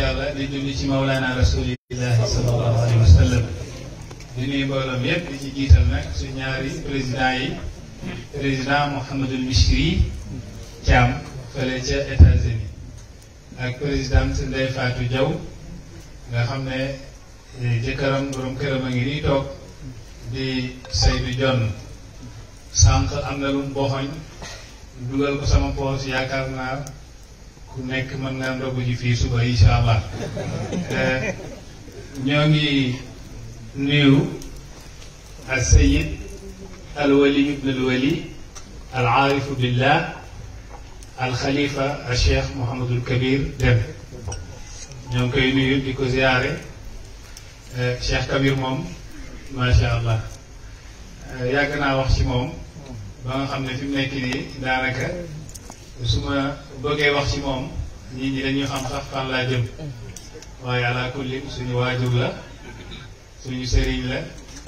yàlla di julli ci mawlaana rasulillahi sallallahu alayhi wa sallam di nuyu ci jiital nag su ñaari président yi président Mouhamadul Bichri Thiam fële ca états ak président si Ndeye Fatou nga xam ne eh, jëkkëram borom këram a ngi nii toog di Seydou Dione sànq am na lu mu dugal ko sama poos yaakaar naa ku nekk mën naa ndogu ji fii suba incha allah ñoo ngi nuyu al sayid al wali ibn al wali al aarifu billah al xalifa al cheikh Mouhamadul Kabir Deme ñoo ngi koy nuyu di ko ziare cheikh Kabir moom macha allah yàgg naa wax ci moom ba nga xam ne fi mu nekk nii daanaka. su ma bëggee wax ci moom nit ñi dañuy xam sax fan laa jëm waaye ala kullim suñu waajur la suñu sëriñ la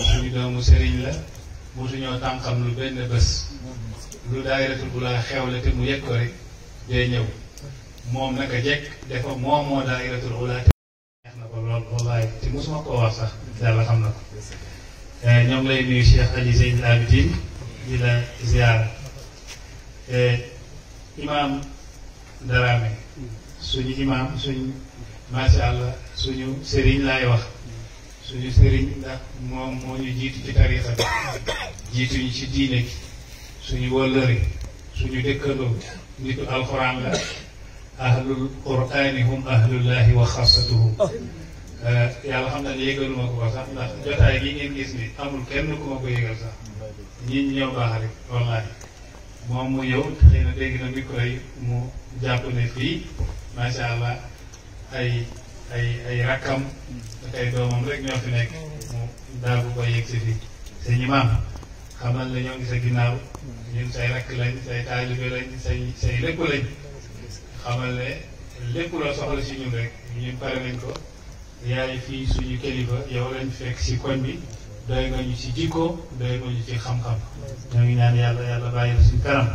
suñu doomu sëriñ la mosuñoo tànqam lu benn bés lu daayiratul bu laa xewle te mu yëg ko rek day ñëw moom naka jekk dafa moom moo daayiratul bu laa neex na ko lool wallaay te mosuma koo wax sax yàlla xam na ko eh, ñoom lay nuyu Cheikh Aliou Seydil Abidine di la ziar eh, imaam Dramé suñu imaam suñu macha allah suñu sëriñ laay wax suñu sëriñ ndax moom moo ñu jiitu ci tarixa bi jiituñu ci diine gi suñu wëllëri suñu dëkkandoo nitu alxuraan la ahlul qur'aani hum ahlullahi wa xasatuhum eh, yàlla xam na ne yëgaluma ko ko sax ndax gi ngeen gis ni amul kenn ku ma ko yëgal sax ñi ñëw baax rek wallaahi moom mu yow xëy na dégg na micro yi mu jàpp ne fii macha allah ay ay ay rakkam ak ay doomam rek ñoo fi nekk mu daal bu koy yëg si fii sëñ imaam xamal la ñoo ngi sa ginnaaw ñun say rakk lañ say taalibe lañ say say lépp lañ xamal ne lépp loo soxla si ñun rek ñun pare nañ ko yaay fii suñu kilifa yow lañ fekk si koñ bi doy nga ñu ci jikko doy nga ñu ci xam-xam ñoo ñaan yàlla yàlla bàyyi la suñu kanam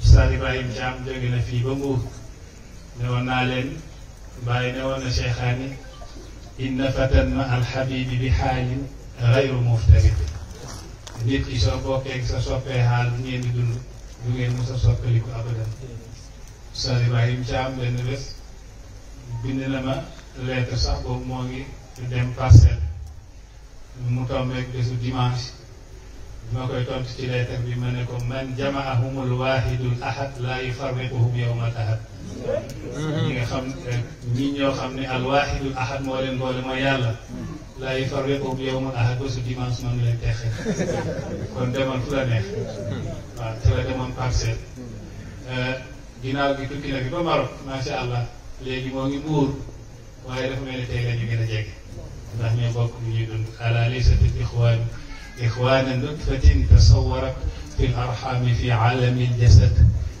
Oustaz Ibrahima Thiam jóge na fii ba Mbuur ne woon naa leen bàyyi ne woon na Cheikhaani inna fatan ma alxabibi bi xaalin gayru muftarid sa soppee xaal bu ngeen di dund du ngeen soppaliku bind na ma lettre sax boobu moo ngi dem parcelle mu tombeeg bésu dimanche bi ma koy tontu ci leetar bi ma ne ko man jamaahumul waahidul ahad laa yufarriquhum yawmal ahad ñi nga xam eh, ñi ñoo xam ne al waahidul ahad moo leen boole mooy yàlla laa yufarriquhum yawmal ahad bésu dimanche man leen texe kon demoon fu la neex waaw te la demoon eh, gi tukki na bi ba Maroc macha allah léegi moo ngi muur waaye dafa mel ne tey la gën a jege ndax ñoo bokk lu ñuy dund ala laysati l ixwaan ixwaana nutfatin tasawarat fi l arxaami fi aalami l jasad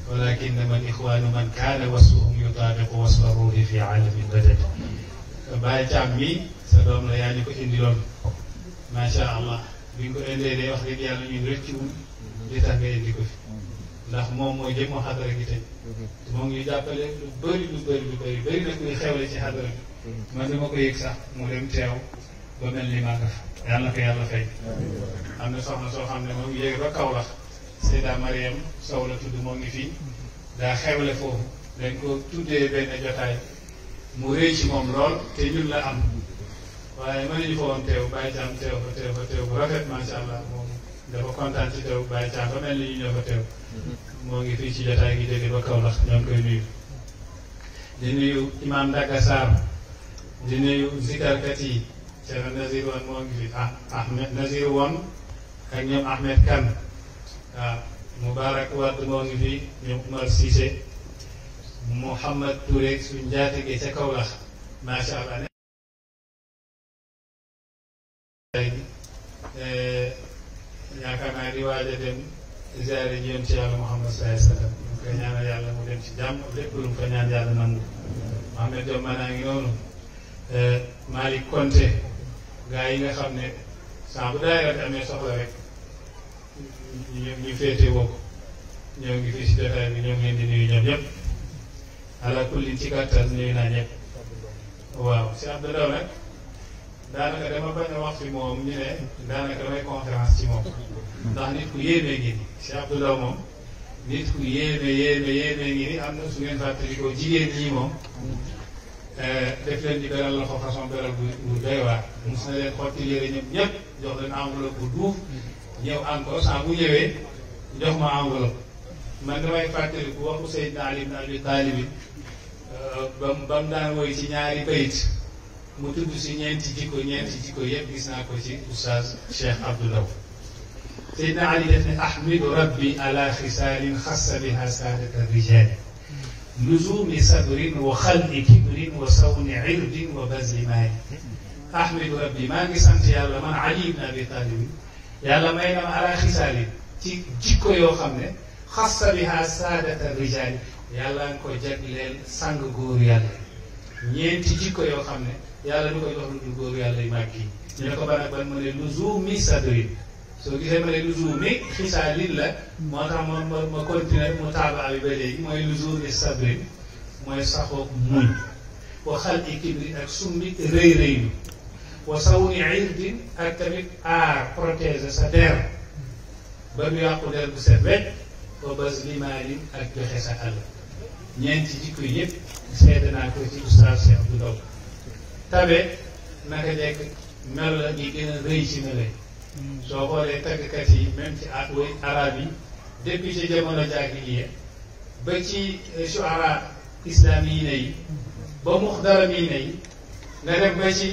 walakin man ixwaanu man kaana wasfuhum yutabiqu wasfa ruuhi fi aalami l badad Baye Thiam mi sa doom la yaa ñu ko indiloon macha allah bi ñu ko indee day wax rek yàlla ñun rëccuwul li tax nga indi ko fi ndax moom mooy jëmoo xadara gi tey moom ñu jàppale lu bëri lu bëri lu bëri bëri na kuy xewle ci xadara bi man dama ko yëg sax mu dem teew ba mel ni maa nga fa yàlla ko yàlla fay am na soxna soo xam ne moom yéeg ba kaw la Seyda Mariam Sow la tudd moo ngi fii daa xewle foofu dañ ko tuddee benn jotaay mu rëy ci moom lool te ñun la am waaye mënuñu ko woon teew bàyyi caam teew fa teew fa teew bu rafet macha allah moom dafa kontaan ci teew bàyyi caam ba mel ni ñu ñëw fa teew moo ngi fii ci jotaay gi jóge ba Kaolack ñoo ngi koy nuyu di nuyu imaam Ndaga Sarr di nuyu zikarkat yi Ceerno Nazir Wan moo ngi fi ah Ahmed Nazir Wan ak ñoom Ahmed Kan waaw ah, Mubarak Wade moo ngi fi ñoom Umar Cissé Mouhamad Touré suñ njaatige ca Kaolack macha allah. Eh, yaakaar naa di waaj a dem ziare ji yoon ci yàlla Muhammad sallallahu alayhi wa sallam ñu mu dem ci jàmm lépp lu mu ko ñaan yàlla nangu Euh, Malick Konte gaa yi nga xam ne saa bu daayira bi amee soxla rek ñu ñu féete woo ko ñoo ngi fii si jotaay bi ñoo ngi leen di nuyu ñoom ñëpp ala kulli ci kàttan nuyu naa ñëpp waaw si Abdou Ndaw nag daanaka dama bañ a wax fi moom ñu ne daanaka damay ni si Abdou Ndaw moom nit ku yéeme yéeme yéeme ngi ni am na Eh, def leen di loxo façon beral bu bu doy waar na leen xotti yére ñoom ñëpp jox leen enveloppe bu duuf ñëw encore saa bu ñëwee jox ma enveloppe man damay fàttali bu waxu Seydina Ali ibn Abi Talib bi eh, ba mu daan woy ci ñaari bayit mu tudd si ñeenti jikko ñeenti jikko yëpp gis naa ko ci oustaz Cheikh Abdou Ndaw Seydina Ali def ne ahmidu rabbi ala xisaalin xassa biha saadata rijaali لزوم صبر وخل كبر وصون عرض وبذل مال ahmed rabbi maa ngi sant yàlla man ali ibn abi talib yàlla may nam ala xisaali ci jikko yoo xam ne xasta biha saadata rijaali yàlla nga ko jagleel sang góor yàlla ñeenti jikko yoo xam ne yàlla du ko jox lu dul góor yàlla yu màgg yi ban ak ban mu soo gisee ma ne luzumi xisaalin la moo tax ma ma ma continué mu taabaa bi ba léegi mooy luzumi sabri mooy saxoog muñ wa xalqi kibri ak summi rëy rëy bi wa sawni irdin ak tamit aar protéger sa der ba du yàqu der bu set wecc wa bas limaalin ak joxe sa àll ñeenti jikko yëpp seede naa ko ci oustaz Cheikh bu Ndaw tabe naka jekk mel la ñi gën a rëy ci melo yi soo xoolee tëggkat yi même ci way arab yi depuis ci jamono jaahiliya ba ci shuara islamiina yi ba muxdaramiina yi nga dem ba ci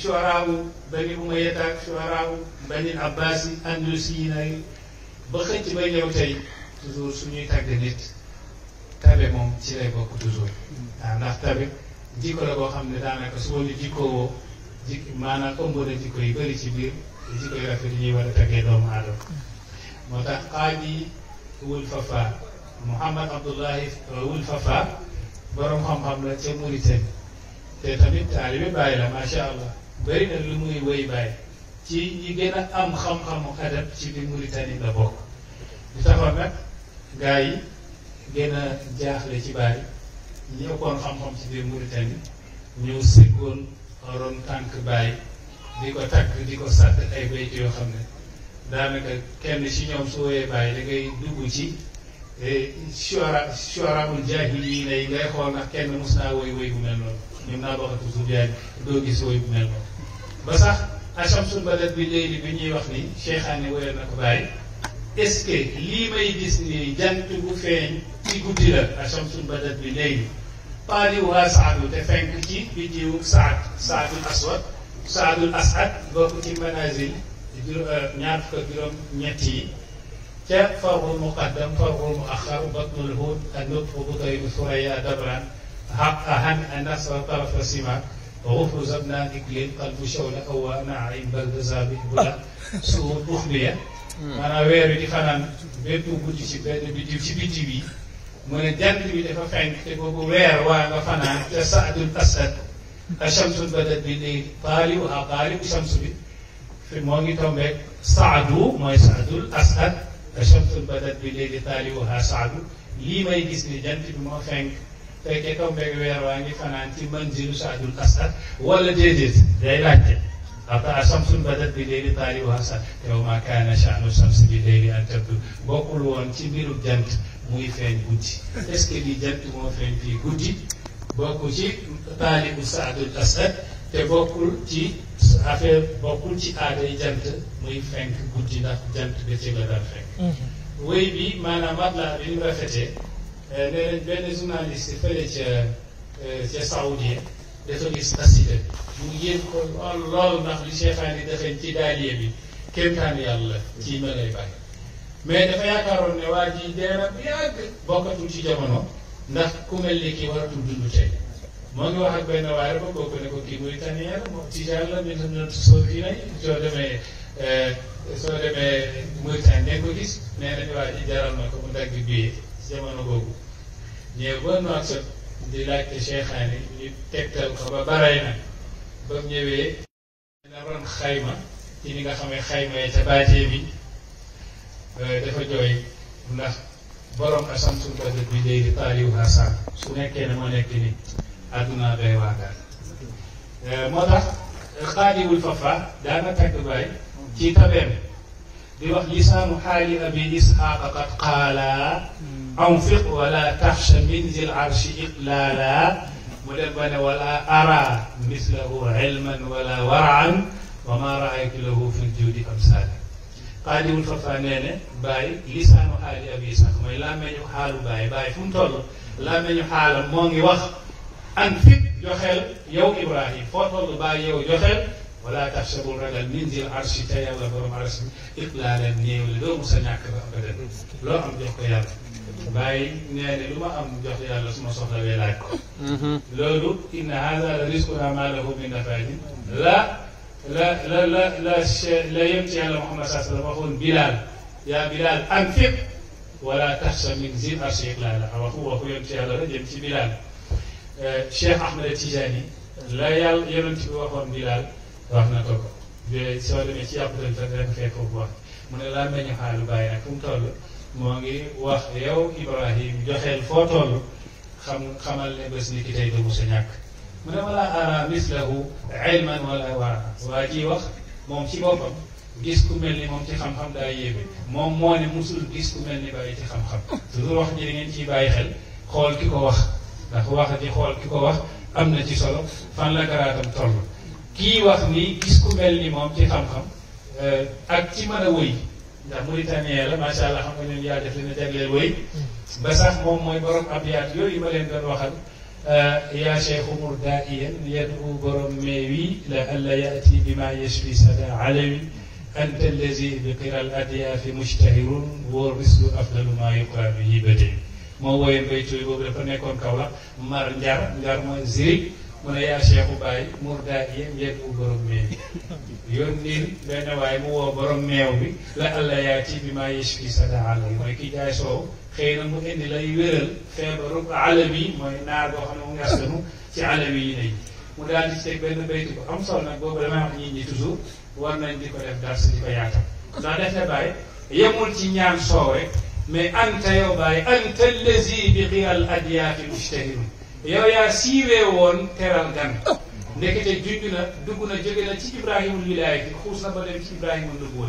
shuaraawu bani umayata ak shuaraawu bani abbaasi andalusiina yi ba xëcc ba ñëw tey toujours suñuy tagg nit tabe moom ci lay bokk toujours waaw ndax tabe jikko la boo xam ne daanaka su ma ni jikkoo woo jikk maanaam ëmb na jikko yu bëri ci biir jikko yu rafet yi war a taggee doomu aadama moo tax qaadi wul fafa Mouhamad Abdullahi wul fafa borom xam-xam la ca Mauritanie te tamit taalibe Baay la macha allah bëri na lu muy woy Baay ci ñi gën a am xam-xamu adab ci bi Mauritanie la bokk di taxoon nag gaa yi gën a jaaxle ci Baay ñi ëppoon xam-xam ci biir Mauritanie ñu siggoon ron tànk Baay di ko tagg di ko sàdd ay bayt yoo xam ne daanaka kenn ci ñoom su wooyee bàyyi da ngay dugg ci e, shuara shuaraul jaahiliina yi ngay xool ndax kenn mos naa woy woy bu mel noonu ñun naa wax toujours yaay doo gis woy bu mel noonu ba sax achamsul balad bi léegi bi ñuy wax ni Cheikhaane woyal na ko bàyyi est lii may gis ni jant bu feeñ ci guddi la achamsul balad bi léegi paali waa saadu te fenk ci biddiwu saad saadul aswad saadul asad bokk ci manazil euh, ñaar fukk ak juróom ñett yi muqaddam farul muaxar batnul hud ak nëpp bu koy suraya dabran xaq ahan anasra tarafa simaak غفر زبنا إكليل قلب شولة أو ناعم بلد زابي بلا سور أخلية maanaam weer wi di fanaan bépp guddi ci benn biddiw ci biddiw yi mu ne jant bi dafa fenk te boobu fanaan te saadul asad ndax shamsul badat bi léegi taaliuha taaliu shams bi fi moo ngi tombeeg saadu mooy saadul asad te shamsul badat bi léegi taaliuha saadu lii may gis ni jant bi moo fenk fekkee tombeeg weer waa ngi fanaan ci manzilu saadul asad wala déedéet day laajte ata shamsul badat bi léegi taaliuha saad yow ma kaana sha'nu shams bi léegi an tabdu bokkul woon ci mbirum jant muy feeñ guddi est-ce que lii jant moo feeñ fii guddi bokk ci taalibu saadul asad te bokkul ci affaire bokkul ci aaday jant muy fenk guddi ndax jant bëccëg la daan fenk mhm. wéy bi maanaam atla bi ñu rafetee eh, nee nañ benn journaliste fële ca eh, ca saoudien dafa gis xasida mu yéen ko lool ndax li cheikhaan yi ci daaliye bi kéemtaan yàlla ci ma dafa yaakaaroon ne waa ji deena bu yàgg bokkatul ci jamono ndax ku mel ni kii waratul dund tey moo wax ak benn waaye rek ba kooku ne ko kii Mauritanie la moom Tijaan la min na soo kii nañ soo demee eh, soo demee Mauritanie ne ko gis nee nañu waa ji jaral na ko mu dagg bii si jamono boobu ñëw ba noor sa di laajte Cheikhaani ñu tegtal ko ba baray na ba mu ñëwee na ron xayma ci ni nga xamee xayma yi ca bàjjee bi eh, dafa jooy ndax borom ak samsul badr bi day tali wa sa su nekke ne mo nekke ni adduna doy waagaan moo tax xaadiwul fafa da na takk bay ci tabem di wax lisaanu hali abi ishaq qad qaala anfiq la taxsha min zil arsh iqlala mu dem wala ara mislahu ilman wala waraan wa ma raaytu lahu fi judi amsaala xaadiwul fata nee ne bàyyi lisaanu xaali ab isaq mooy làmmeñu xaalu bàyyi bàyyi fu mu toll làmmeñu xaalam moo ngi wax an fit joxeel yow ibrahim foo toll bàyyi yow joxeel wala taxsabul ragal min zil arshi te yàlla borom arshi it laa leen néew li doo musa ñàkk ba abadan loo am jox ko yàlla bàyyi nee ne lu ma am jox yàlla su ma soxlawee laaj ko loolu inna hada la risquna ma lahu min nafaadin la لا لا لا لا, لا يمتي على محمد صلى الله عليه وسلم يقول بلال يا بلال أنفق ولا تخشى من زيد عرش لا وهو هو يمتي على يمتي بلال الشيخ آه، أحمد التيجاني لا يال يمتي وهو بلال رحمة الله soo demee ci yàpp dal tan rek fekk bu wax mu ne laa meñu xaalu bàyyi nag fu mu toll moo ngi wax yow ibrahim joxeel من لا أرى مثله علما ولا ورعا واجي وقت ممشي بوبم ديسكو ملي ممتي خم خم داي يبي مم موني مسل ديسكو ملي باي تي خم خم تدور وقت جرينين تي باي خل خول كيكو وقت داك وقت دي خول كيكو وقت أمنا تي صلو فان لك راتم طول كي وقت ني ديسكو ملي ممتي خم خم أكتي مانا وي دا موريتانيا لا ما شاء الله خم خم يا دفلنا تابلي الوي بس أخ مم موي بروك أبيات يو يمالين دون وقت آه، يا شيخ مردائيا يدعو برميوي لئلا ياتي بما يشفي سدى علوي انت الذي بقرى الاضياف مشتهر والرسل افضل ما يقرا به بدعي ما هو ينبغي تويبو بلا فنيكون كولا مار نجار نجار مو زيريك من يا شيخ باي مردائيا يدعو برميوي يونيل بين واي مو برميوي لئلا ياتي بما يشفي سدى علوي ويكي جاي صوب xëy na mu indi lay wéral feebaru alal bi mooy naar boo xam ne mu ngi askanu ci alal yi nañ mu daal di teg benn bayti bu am solo nag boobu damay wax nit ñi toujours war nañ di ko def dars di ko yaatal ndax def na bàyyi yemul ci ñaan soow rek mais anta yow bàyyi anta lazi bi xiyal adiyaati mujtahim yow yaa siiwee woon teral gan nekkete junj na dugg na jóge na ci ibrahimul wilaaya bi xuus na ba dem ci ibrahimul nubuwwa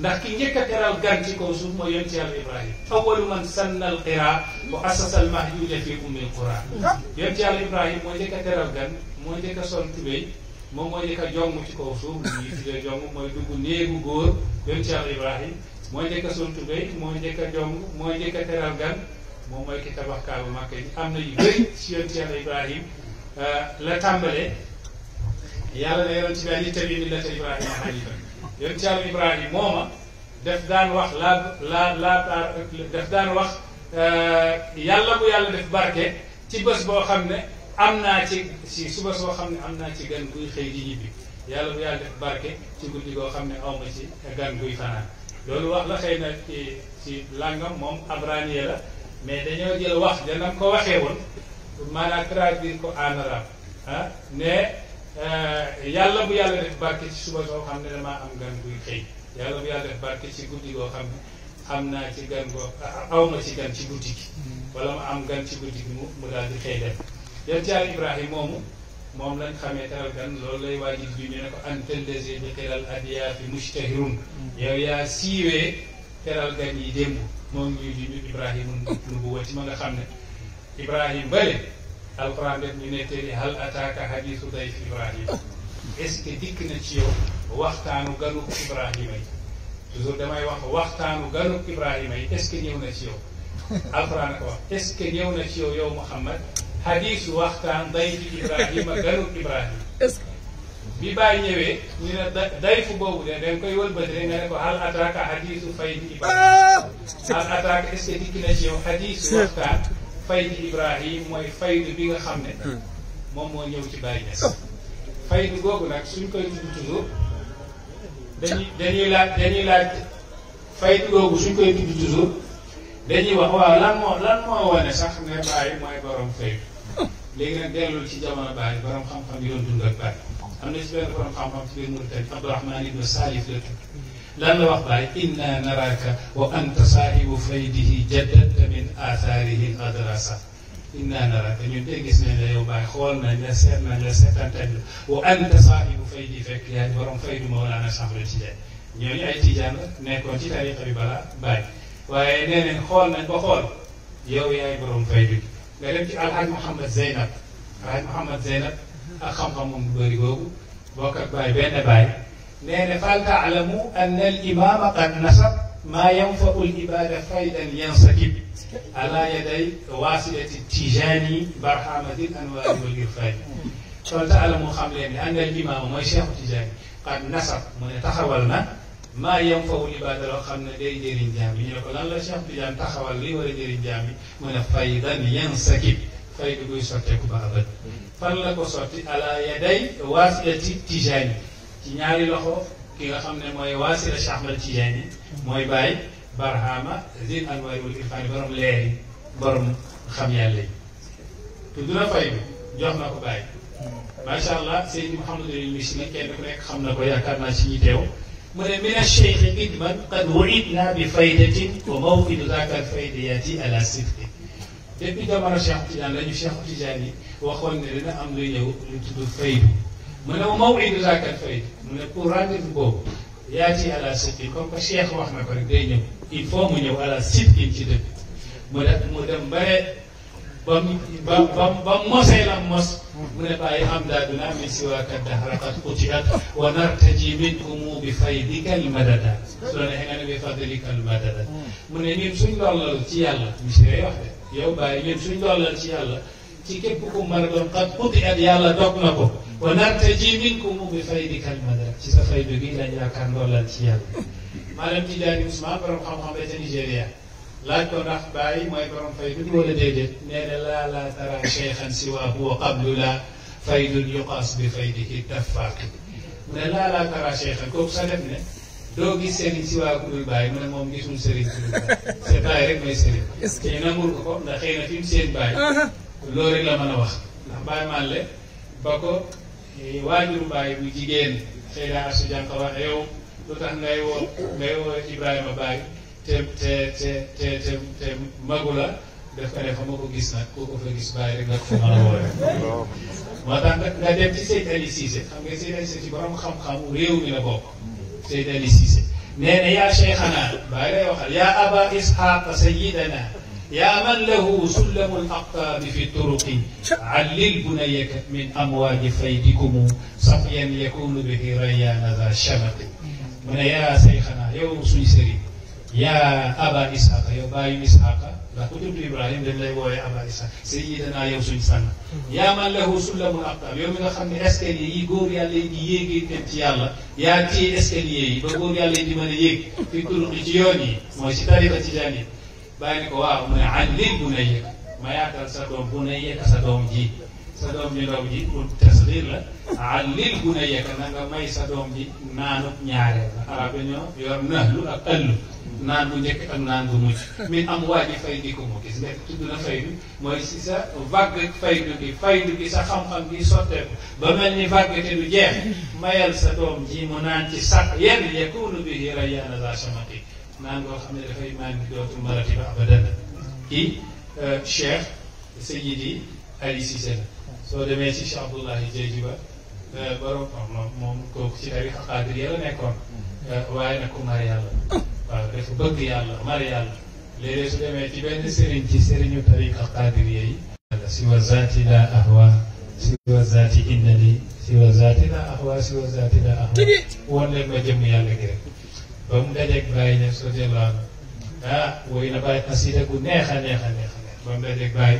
ndax ki njëkk a teral gan ci kaw suuf mooy yonti yàlla al ibrahim mooy njëkk a teral gan mooy a moom mooy njëkk a jong ci a sol a a teral gan am na yu bëri ci yonti yàlla ibrahim euh, la tàmbale yàlla ne yonent bi an ittabi millata Ibrahima hanifan yonent yàlla Ibrahima mooma def daan wax laa laa laa def daan wax euh, yàlla bu yàlla def barke ci bés boo xam ne am naa ci si suba soo xam ne am naa ci gan guy xëy di ñibbi yàlla bu yàlla def barke ci guddi goo xam ne aw ma ci gan guy fanaan loolu wax la xëy na ci ci làngam moom abraniye la mais dañoo jël wax danañ ko waxee woon maanaam traduire ko en arabe ah ne. yàlla bu yàlla def barke ci suba soo xam ne damaa am gan buy xëy yàlla bu yàlla def barke ci guddi goo xam ne am naa ci gan goo aw ma ci gan ci guddi gi wala ma am gan ci guddi gi mu mu di xëy dem yan ci yàlla Ibrahima moom lañ xamee teral gan loolu lay waajib bi ñu ne ko an tëllese bi xiral adiya fi mushtahirun yow yaa siiwee teral gan yi démb moom ñuy di ñu Ibrahima nubuwati ma nga xam ne Ibrahima bële alquran def ñu ne tëri hal ataaka hadisu dayf اسكي نشیو وقت آنو گلو ابراهیمی تو زود دمای وقت وقت آنو گلو ابراهیمی استدیو نشیو آفران کو استدیو نشیو یا محمد حدیث وقت آن دایف ابراهیم گلو ابراهیم بی باینی وی میرا دایف بود و دم کوی ول بدرین گر کو حال اتراک حدیث فاید ابراهیم حال اتراک استدیک نشیو حدیث وقت آن فاید ابراهیم و فاید بیگ faydu googu nag suñ koy tudd toujours dañuy dañuy laaj dañuy laaj faydu googu suñ koy tudd toujours dañuy wax waaw lan moo lan moo wane sax ne bàyyi mooy borom faydu léegi nag dellul ci jamono bàyyi borom xam-xam yi doon dund ak bàyyi am na ci benn borom xam-xam ci biir Mauritanie Abdourahman ibn Salif la tudd lan la wax bàyyi inna naraka wa anta saahibu faydihi jaddadta min aathaarihi adrasa إنا نراك أن يتجس من يوم بخول من لسه من لسه تنتدل وأنت صاحب فيد فك يا دورم فيد مولانا سامر تجاه نيوني أي تجامة نكون تجاري قريبا باي وأنا نخول من بخول يو يا دورم فيد نعلم كي الحاج محمد زينب الحاج محمد زينب أخم خم من بوري بوب بوكر باي بين باي نحن فال تعلموا أن الإمام قد نصب ما ينفق العبادة فيدا ينسكب ala yaday wasilati tijaani barhamatin anwaari wal irfaani kon taala mu xam leen ne àndal imaama mooy cheikhu tijaani qad nasab mu ne taxawal na maa yam fawu ibaada loo xam ne day jëriñ jaam lan la cheikhu tijaani taxawal li war a jëriñ jaam bi mu ne faydan yansakib fay du guy sotteeku ba abad fan la ko sotti ala yaday wasilati tijaani ci ñaari loxo ki nga ne mooy waasila Cheikh Ahmad Tijaani mooy bàyyi barhama zin anwaay wal irfaan borom leeri borom xam yàlla yi te du la fay bi jox na ko bàyyi macha allah Seydi Mouhamadul Misri kenn ku nekk xam na ko yaakaar naa si ñi teew mu ne min acheikhi idman qad wuidna bi faydatin wa mawqidu zaaka alfaydiyati ala sidqi depuis jamono Cheikh Tidiane la ñu Cheikh Tidiane yi waxoon ne dina am lu ñëw lu tudd faydu mu ne mawqidu zaaka alfaydi mu ne pour rendez-vous boobu yaa ci ala sidqin comme que Cheikh wax na ko rek day ñëw il faut mu ñëw ala sidqin ci dëkk mu dem mu dem bare ba mu ba ba ba mosee la mos. mu ne bàyyi am daa du naa min siwaaka dahraqat qutihat wa nartaji minkum bi faydika al madada su la neexee nga ne bi fadlika al madada mu ne ñun suñ dollal ci yàlla monsieur wax de yow bàyyi ñun suñ dollal ci yàlla ci képp ku mën a doon qad qutihat yàlla dog na ko. ونرتجي منكم بفيد كلمة ذلك كيف فيد قيل أن يكون دولا تيال ما لم تجاني مسمى برم خمخم بيت نيجيريا لا تكون رحباي ما يبرم فيد ولا ديد نيل لا لا ترى شيخا سوى هو قبل لا فيد يقاس بفيده التفاق من لا لا ترى شيخا كوب سلمنا دو گيس سيري سوا كوي باي من موم گيس سون سيري سي باي ريك مي سيري كي نامور كو نا خينا فيم سين باي لوري لا مانا واخ نا باي مالي باكو Eh, waajur baay bu jigéen Seyda Asu Jànka wax yow lu tax ngay woo ngay woo Ibrahima Baay te te te te te magu daf ko def gis nag koo ko fa gis bàyyi rek nga ko a nga dem ci Seydi Ali xam nga Seydi Ali Cissé ci borom xam-xamu mi la bokk Seydi Ali Cissé nee yaa Cheikhana Baay lay waxal yaa Aba Isxaqa Sayyidana يا من له سلم الأقطاب في الطرق علل بنيك من أمواج فيدكم صفيا يكون به ريان ذا الشمق من يا شيخنا يوم سويسري يا أبا إسحاق يا أبا إسحاق لا قدرت إبراهيم لله هو يا أبا إسحاق سيدنا يو سويسرنا يا من له سلم الأقطاب يوم إذا خمي يقول يا ليدي يجي تمتي الله يا تي أسكالي يجي بقول يا ليدي من يجي في طرق جيوني ما يشتري بتجاني bàyyi ni ko waaw mu ne allim bu nay yëg ma sa doom bu nay yëg sa doom ji sa doom ji ndaw ji pour tasrir la allim bu nay yëg na nga may sa doom ji naanu ñaareel arab ñoo yor naxlu ak ëllu naan bu njëkk ak naan bu mujj min am waa ji fay di ko mu gis na fay bi mooy si sa vague faydu gi faydu sa xam-xam gi sotteeku ba mel ni vague te du jeex mayal sa doom ji mu naan ci sax yenn yekkunu bi rayanasation mati naan ngoo xam ne dafay maan ki dootu marati ba abadan ki cheikh Seydi Ali Cissé soo demee ci Cheikh Abdoulahi Diédji Ba e, moom kooku ci tarixa xaadir yàlla nekkoon e, waaye nag mar yàlla waaw bëgg yàlla mar yàlla léeg su demee ci benn sëriñ ci sëriñu tarixa xaadir yi si wa zaati la ahwa si wa zaati inna li si wa zaati la ahwa si wa zaati la ahwa woon leen ma jëmm yàlla gi ba mu dajeeg Baye Niass radiyallahu anhu ah woy na Baye xasida gu neex neex a neex a neex ba mu dajeeg Baye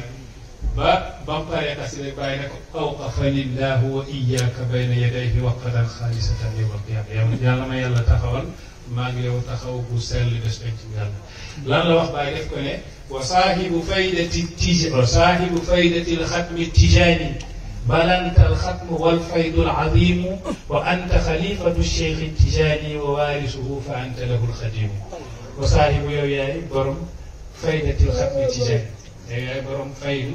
ba ba mu paree xasida Baye ne ko awqafanillahu wa iyyaka bayna yadayhi waqatan xaalisatan yawmal qiyaama yàlla ma yàlla taxawal maa ngi yow taxaw bu sell des nañ ci yàlla lan la wax Baye def ko ne wa saahibu faydati tij wa saahibu faydati بل أنت الختم والفيض العظيم وأنت خليفة الشيخ التجاني ووارثه فأنت له الخديم وصاحب يا ياي برم فايدة الختم التجاني يا برم فايد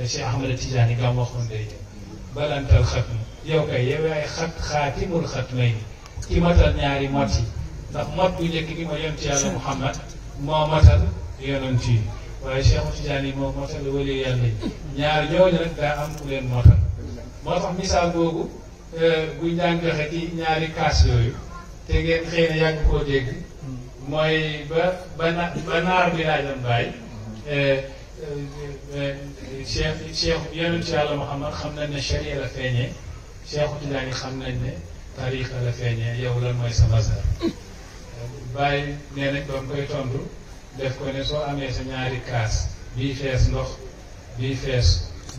الشيخ أحمد التجاني قام وخون دي بل أنت الختم يا يا يو خط خاتم الختمين كي matal ñaari ماتي yi ndax ما يمتي على محمد ما yonent yàlla Muhammad waaye Cheikh Tidiane yi moom moo tax la wëlee yàlla yi ñaar ñooñu rek daa am ku leen moo tax moo tax misaal boobu euh, buñ daan joxe ñaari kaas yooyu te ngeen xëy na yàgg koo dégg mooy ba ba na ba naar bi laajam bàyyi euh, euh, cheikh cheikh yonent xam nañ ne charia la feeñee Cheikh xam nañ ne la yow lan mooy sa bàyyi nee nañ ba koy tontu. def ko ne soo amee sa ñaari kaas bii fees ndox bii fees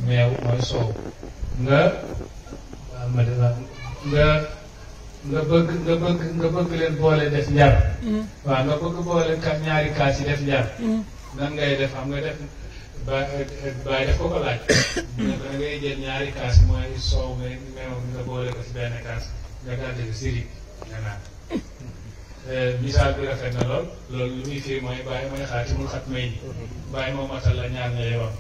meew mooy soow nga ma nga nga bëgg nga bëgg nga bëgg leen boole def njar mm-hmm. waaw nga bëgg boole ka ñaari kaas yi def njar mm-hmm. nan ngay def xam nga def ba bàyyi def ko ko laaj da ngay jël ñaari kaas mooy soow meew nga boole ko ci benn kaas nga daldi siri nga naan misaal bi rafet na lool loolu lu muy fii mooy bàyyi mooy xaatimul xat may ni bàyyi moo matal la ñaar ña yoon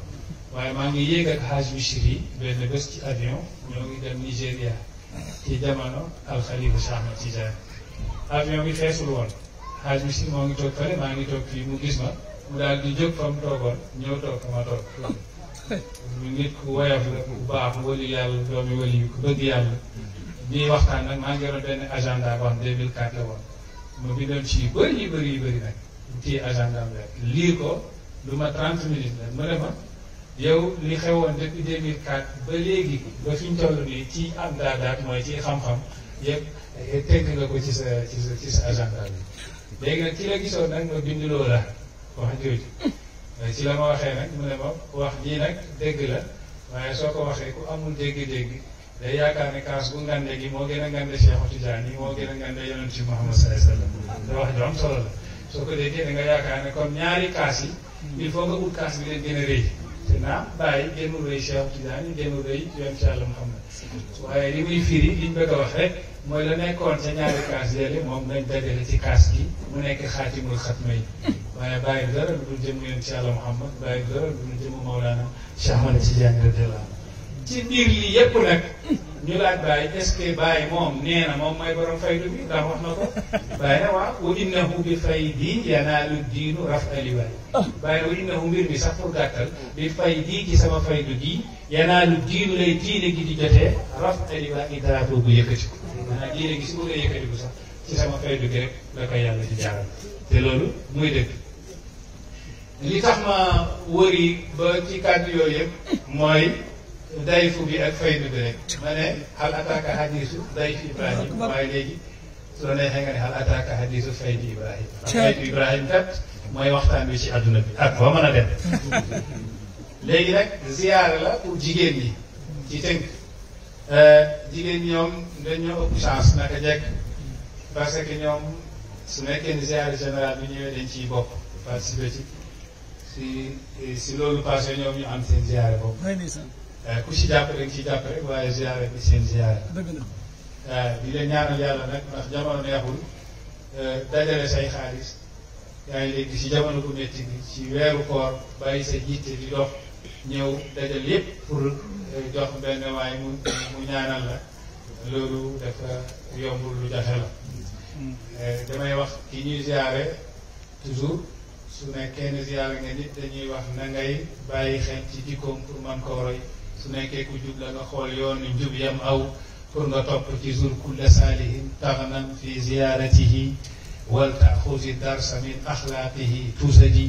waaye maa ngi yéeg ak xaaj Bichri yi ci avion ñoo ngi dem Nigéria ci jamono alxalifa Chama Tidiane avion bi feesul woon xaaj Bichri moo ngi toog maa ngi toog fii mu gis ma mu daal di jóg fa mu toogoon ñëw toog fa ma toog nit ku woyof la ku baax wali yàlla doomi wali ku bëgg yàlla ñuy waxtaan nag maa ngi yoroon benn agenda boo xam 2004 woon mu bindal ci yu bëri yu bëri yu bëri nag mu téye agenda am lii ko lu ma 30 minutes la mu ne ma yow li xewoon depuis 2004 ba léegi ba fi ñu toll nii ci am daadaat mooy ci xam-xam yëpp eh, tënk nga ko ci sa ci sa ci sa agenda bi. léegi nag ci la gisoon nag ma bind la wax jooju eh, ci la ma waxee nag mu ne ma wax lii nag dégg la waaye soo ko waxee ku amul dégg-dégg. day yaakaar ne kaas bu ngande gi moo gën a ngande Cheikh Tidiane yi moo gën a ngande yonent ci Muhammad sallallahu alayhi wasallam te wax ju am solo la soo ko déggee da nga yaakaar ne kon ñaari kaas yi il faut nga ut kaas bi leen gën a rëy te naa bàyyi génnul rëy Cheikh Tidiane génnul rëy yonent ci Yàlla Muhammad waaye li muy firi liñ bëgg a wax rek mooy la nekkoon sa ñaari kaas yële moom lañ dajale ci kaas gi mu nekk xaatimul xatma yi waaye bàyyi dara lu dul jëm yonent ci Yàlla Muhammad bàyyi dara lu dul jëm Mawlana Cheikh Ahmad Tidiane radiyallahu ci biir lii yépp nag ñu laaj Baye est ce que Baye moom nee na moom mooy borom faydu bi ndax wax na ko Baye na waaw wa innahu bi faydi yanaalu diinu raf aliwaay Baye na wa innahu mbir mi sax pour gàttal bi faydi ci sama faydu gi yanaalu diinu lay diine gi di jotee raf aliwaay drapeau bu yëkkati ko maanaam diine gi si a yëkkati ko sax ci sama faydu gi rek la yàlla di jaaral te loolu muy dëgg li tax ma wëri ba ci kàddu yooyu yëpp mooy dayfu bi ak faydu bi rek ma ne hal ataaka hadisu dayfi Ibrahim waaye léegi su la neexee nga ne ataaka hadisu faydu Ibrahim faydu mooy waxtaan wi ci àdduna bi ak ba mën a dem léegi nag ziyaara la pour jigéen ñi ci tënk euh, jigéen ñoom dañoo ëpp chance naka jekk parce que ñoom su nekkee ni ziyaara général bi ñëwee dañ ciy bokk si si loolu passé ñoom ñu am seen bopp Eh, ku si jàpp rek si jàpp rek waaye ziare bi seen ziare. dëgg la eh, di leen ñaanal yàlla nag ndax jamono neexul eh, dajale say xaalis yaa ngi léegi si jamono bu métti bi ci weeru koor bàyyi sa jiite di dox ñëw dajal yépp pour jox benn waay mu ñaanal la loolu dafa yombul lu jafe la. damay wax ki ñuy ziare toujours su nekkee ne ziare nga nit dañuy wax na bàyyi xel ci jikkoom pour man koo su nekkee ku jub la nga xool yoonu njub yam aw pour nga topp ci zur kulla saalihin taxnam fi ziyaaratihi wal taaxuzi darsa min axlaaqihi tuusadi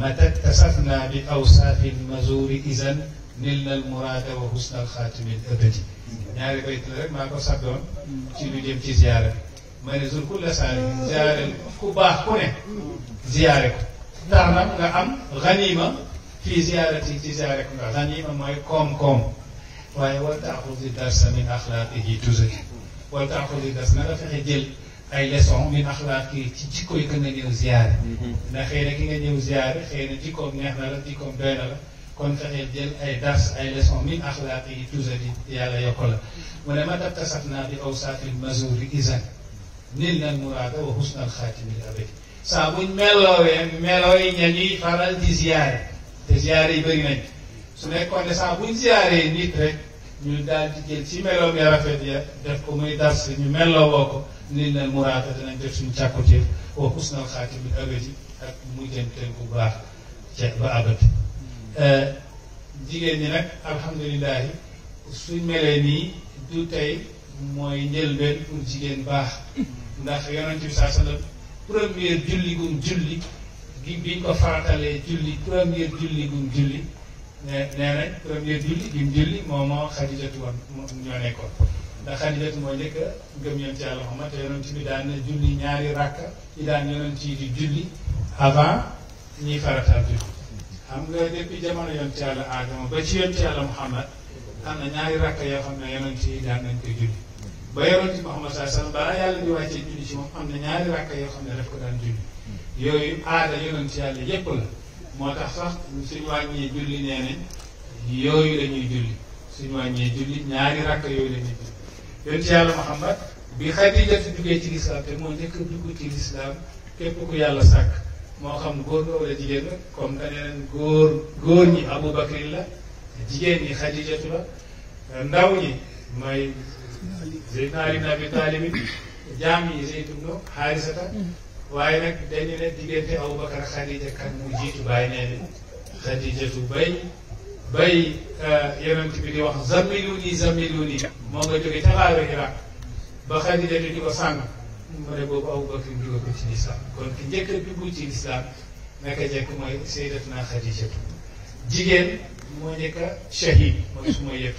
mata tasafna bi awsaafin mazuri izan nil nal muraada wa husnal xaatimin abadi ñaari bayt la rek maa ko sabdoon ci lu jëm ci ziyaara bi ma ne zur kulla saalihin ziyaare ku baax ku ne ziyaare ko taxnam nga am xaniima في زيارة في زيارة غنيمة ما يقوم قوم ولتأخذ الدرس من أخلاقه جزء ولتأخذ الدرس ما في جل أي لسون من أخلاقه تجيكو يكون نجيو زيارة نخير كي نجيو زيارة خير تجيكو نحن لا تجيكو بينا كون في جل أي درس أي لسون من أخلاقه جزء يا لا يقول ولما تبتسفنا بأوصاف المزور إذن نلنا المراد وحسن الخاتم الأبدي صابون ملوين ملوين يعني فرال دي te ziare yi bëri nañ su nekkoon ne saa buñ ziare nit rek ñu daal di jël ci bi ya rafet ya def ko muy dars ñu meloo woo ko nit na muraata dinañ def suñu càkkutéef wa xusnal xaatimi abadi ak mujjanteel bu baax ca ba abadi euh, jigéen ñi nag alhamdulilahi suñ melee nii du tey mooy njëlbeen pour jigéen baax ndax yonent bi saa sallam première julli gum julli bi biñ ko faratalee julli première julli gum julli nee nee nañ première julli gum julli moom moo xadijatu woon ñoo nekkoon ndax xadijatu moo njëkk a gëm yonent yàlla Muhammad te yonent bi daan na julli ñaari rakk yi daan yonent yi di avant ñiy farataal julli xam nga depuis jamono yonent yàlla Aadama ba ci yonent yàlla Muhammad am na ñaari rakk yoo xam ne yonent yi daan nañ koy julli ba yonent Muhammad sallallahu alayhi wa sallam balaa yàlla di wàccee julli ci moom am na ñaari rakk yoo xam ne def ko daan julli yooyu aada yonent yàlla yépp la moo tax sax suñ wàññee julli nee nañ yooyu lañuy julli suñ wàññee julli ñaari rakk yooyu lañuy julli yonent yàlla Muhammad bi Xadija duggee ci lislaam te moo njëkk dugg ci lislaam képp ku yàlla sàkk moo xam góor la wala jigéen la comme da neen góor ñi Abu Bakri la jigéen ñi Xadijatu la ndaw ñi mooy Seydina Ali ibn Abi Taalib jaam yi Zayd waaye nag dañu ne diggante Aboubacar Khadija kan mu jiitu bàyyi nee ni Khadijatu bay bay euh, yonent bi di wax zammiluni zammiluni moo nga jóge ca laaru Iraq ba Khadijatu di ko sàng mu ne boobu Aboubacar dugal ko ci lislaam kon ki njëkk a dugg ci lislaam naka njëkk mooy Seydatuna Khadijatu jigéen moo njëkk a shahid su ma yëpp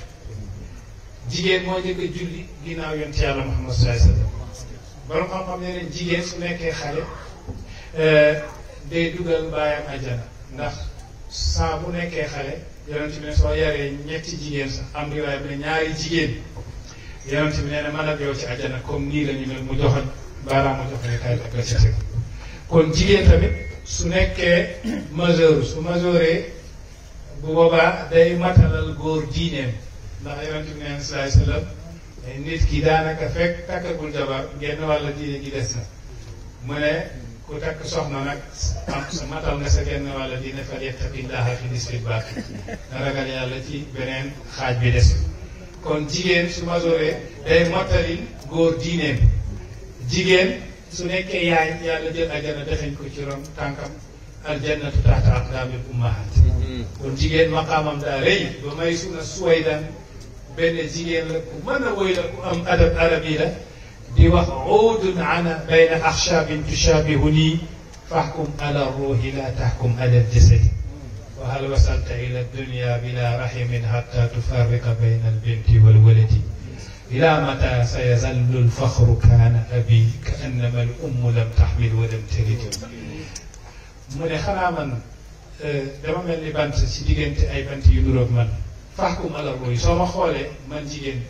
jigéen moo njëkk julli ginnaaw yonent yàlla Muhammad sallallahu alayhi wa borom xam-xam nee nañ jigéen su nekkee xale euh, day dugal baayam àjjana ndax saa bu nekkee xale yonent ne soo yaree ñetti jigéen sax am riwaay bi ne ñaari jigéen yonent bi nee na man ak yow ci àjjana comme nii la ñu mu joxoñ baaraam mu joxoñ kon jigéen tamit su nekkee majeur su majeuree bu boobaa day matalal góor diineem ndax yonent bi nee na sallallahu alayhi wasallam nit ki daanaka fekk takkagul jabar genn wàll diine gi na mu ne ku takk soxna nag am sa matal nga sa genn wàll diine fa yettaqillaaha fi nisfil baaqi na ragal yàlla ci beneen xaaj bi des kon jigéen su majooree day mottali góor diineem jigéen su nekkee yaay yàlla jël ajana defeñ ko ci ron tànkam aljannatu taxta aqdaamil ummahaat mm-hmm. kon jigéen maqaamam daa rëy ba may suna suwaydan بنزيان لكم من ويلكم أم أدب عربي له دي وقعود عنا بين أخشاب تشابهني فاحكم على الروح لا تحكم على الجسد وهل وصلت إلى الدنيا بلا رحم حتى تفرق بين البنت والولد إلى متى سيزل الفخر كان أبي كأنما الأم لم تحمل ولم تلد من خلاما آه، دمام اللي بنت سيدي أي بنت يدرب من faxkum ala ruuhi soo ma xoolee man jigéen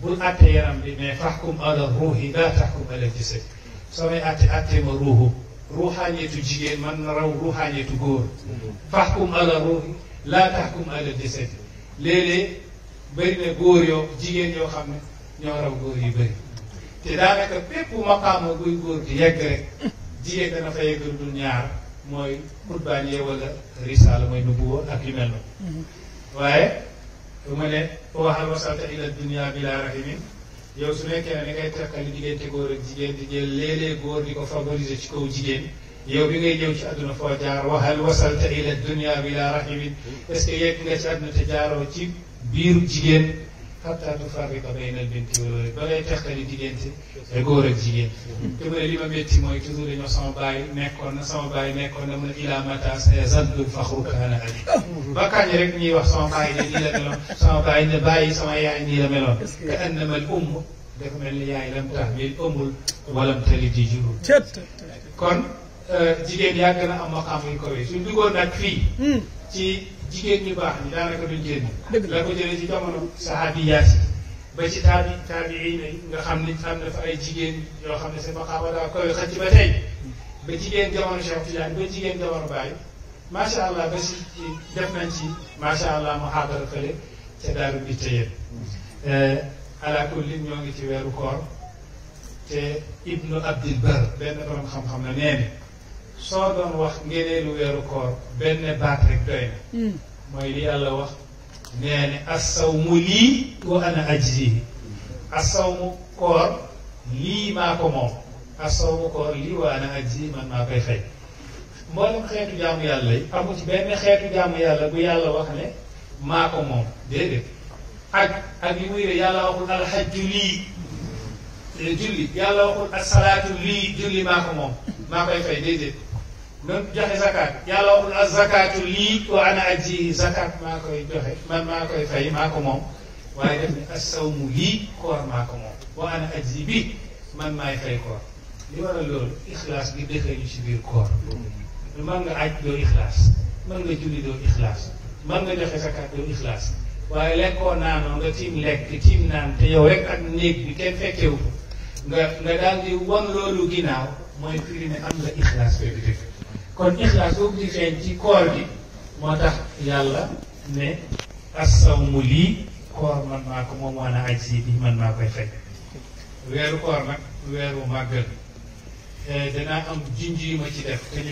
bul àtte yaram bi mais faxkum ala ruuhi laa taxkum ala jasad samay àtte àtte ma ruuhu ruuxaañeetu jigéen man na raw ruuxaañeetu góor faxkum ala ruuhi laa taxkum ala jasad léeg-léeg bëri na góor yoo jigéen yoo xam ne ñoo raw góor yu bëri te daanaka bépp maqaama guy góor di yegg rek jigéen dana fa yegg lu ñaar mooy xutbaanee wala risaala mooy nubuwa ak yu mel noonu mm-hmm. waaye lu ma ne foo waxal wasalta ila dunia bi laa yow su nekkee ne da ngay teqali diggante góor ak jigéen di jël léeg-léeg góor di ko favoriser ci kaw jigéen yow bi ngay ñëw ci àdduna foo jaar waxal wasalta ila dunia bi laa rahimin est ce que yegg nga ci àdduna te jaaroo ci biir jigéen حتى تفرق بين البنت والولد ولا يتخلي جيلين رجورة جيلين كما اللي ما بيتي ما يتزولي ما سما باي نكون سما باي نكون من إلى متى سيزد الفخرك أنا عليك بكان يركني وسما باي نيلا ملون سما باي نباي سما يا نيلا ملون كأنما الأم دكما اللي يا لم تهمل الأم ولم تلد جيلون كون آه، جيلين يا كنا أما كامين كويس ودقوا نكفي jigéen ñu baax ñi daanaka duñ génn la ko jëlee ci jamono sahabiyaat yi ba ci taabi taabiina yi nga xam ne xam na fa ay jigéen yoo xam ne seen maqaama daa koy xëcc ba tey ba jigéen jamono Cheikh Tidiane ba jigéen jamono Baye macha allah ba si def nañ ci macha allah mu xaadara fële ca daaru bi tëyeen ala kulli ñoo ngi ci weeru koor te ibnu abdil bar benn borom xam-xam la nee soo doon wax ngëneelu weeru koor benn baat rek doy na hmm. mooy li yàlla wax nee ne assawmu lii wa ana ajzihi assawmu koor lii maa ko moom assawmu koor lii wa ana ajzihi man maa koy fay mboolem xeetu jaamu yàlla yi amu ci benn xeetu jaamu yàlla bu yàlla wax ne maa ko moom déedéet ak ak li muy de yàlla waxul alxajju lii julli yàlla waxul asalaatu lii julli maa ko moom maa koy fay déedéet même joxe zakat yàlla waxul ak zakatu lii wa ana aji zakat maa koy joxe man maa koy fay maa ko moom def ni assawmu lii koor maa ko moom wa ana aji bi man maay fay koor li waral loolu ixlaas gi dëxee ñu ci biir koor mën nga aj doo ixlaas mën nga julli doo ixlaas mën nga joxe zakat doo ixlaas waaye lekkoo naanoo nga tiim lekk tiim naan te yow rek ak néeg bi kenn fekkewu ko nga nga daal di wan loolu ginnaaw mooy firi ne am nga ixlaas fekk dëgg kon ixlaas boobu di feeñ ci koor gi moo tax yàlla ne assawmu lii koor man maa ko moom wana aj si bi man maa koy fekk weeru koor nag weeru màggal eh, danaa am ma ci def te